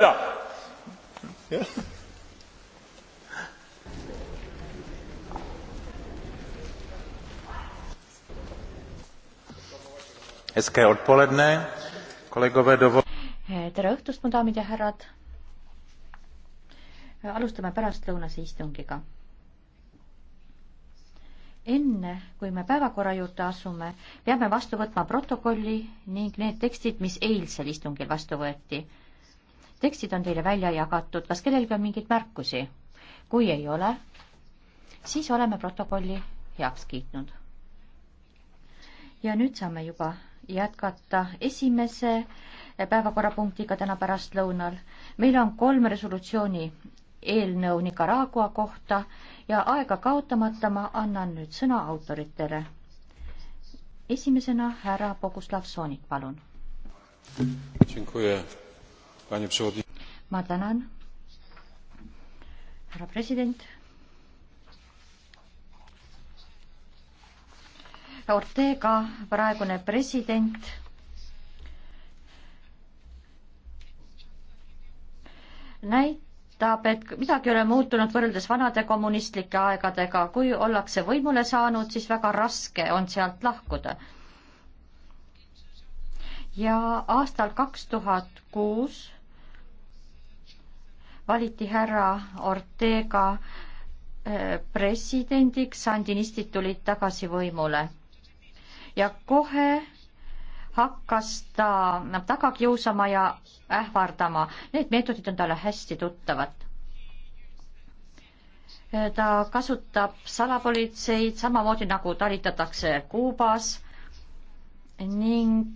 Ja. ja. Hezké odpoledne, kolegové, dovo- tere õhtust, mu daamid ja härrad. alustame pärastlõunase istungiga. enne, kui me päevakorra juurde asume, peame vastu võtma protokolli ning need tekstid, mis eilsel istungil vastu võeti tekstid on teile välja jagatud, kas kellelgi on mingeid märkusi? kui ei ole, siis oleme protokolli heaks kiitnud. ja nüüd saame juba jätkata esimese päevakorrapunktiga täna pärastlõunal. meil on kolm resolutsiooni eelnõu Nicaragua kohta ja aega kaotamata ma annan nüüd sõna autoritele. esimesena härra Boguslav Soonik, palun ma tänan, härra president. Ortega, praegune president näitab, et midagi ei ole muutunud võrreldes vanade kommunistlike aegadega, kui ollakse võimule saanud, siis väga raske on sealt lahkuda. ja aastal kaks tuhat kuus valiti härra Ortega eh, presidendiks, sandinistid tulid tagasi võimule. ja kohe hakkas ta taga kiusama ja ähvardama. Need meetodid on talle hästi tuttavad. Eh, ta kasutab salapolitseid samamoodi nagu talitatakse Kuubas ning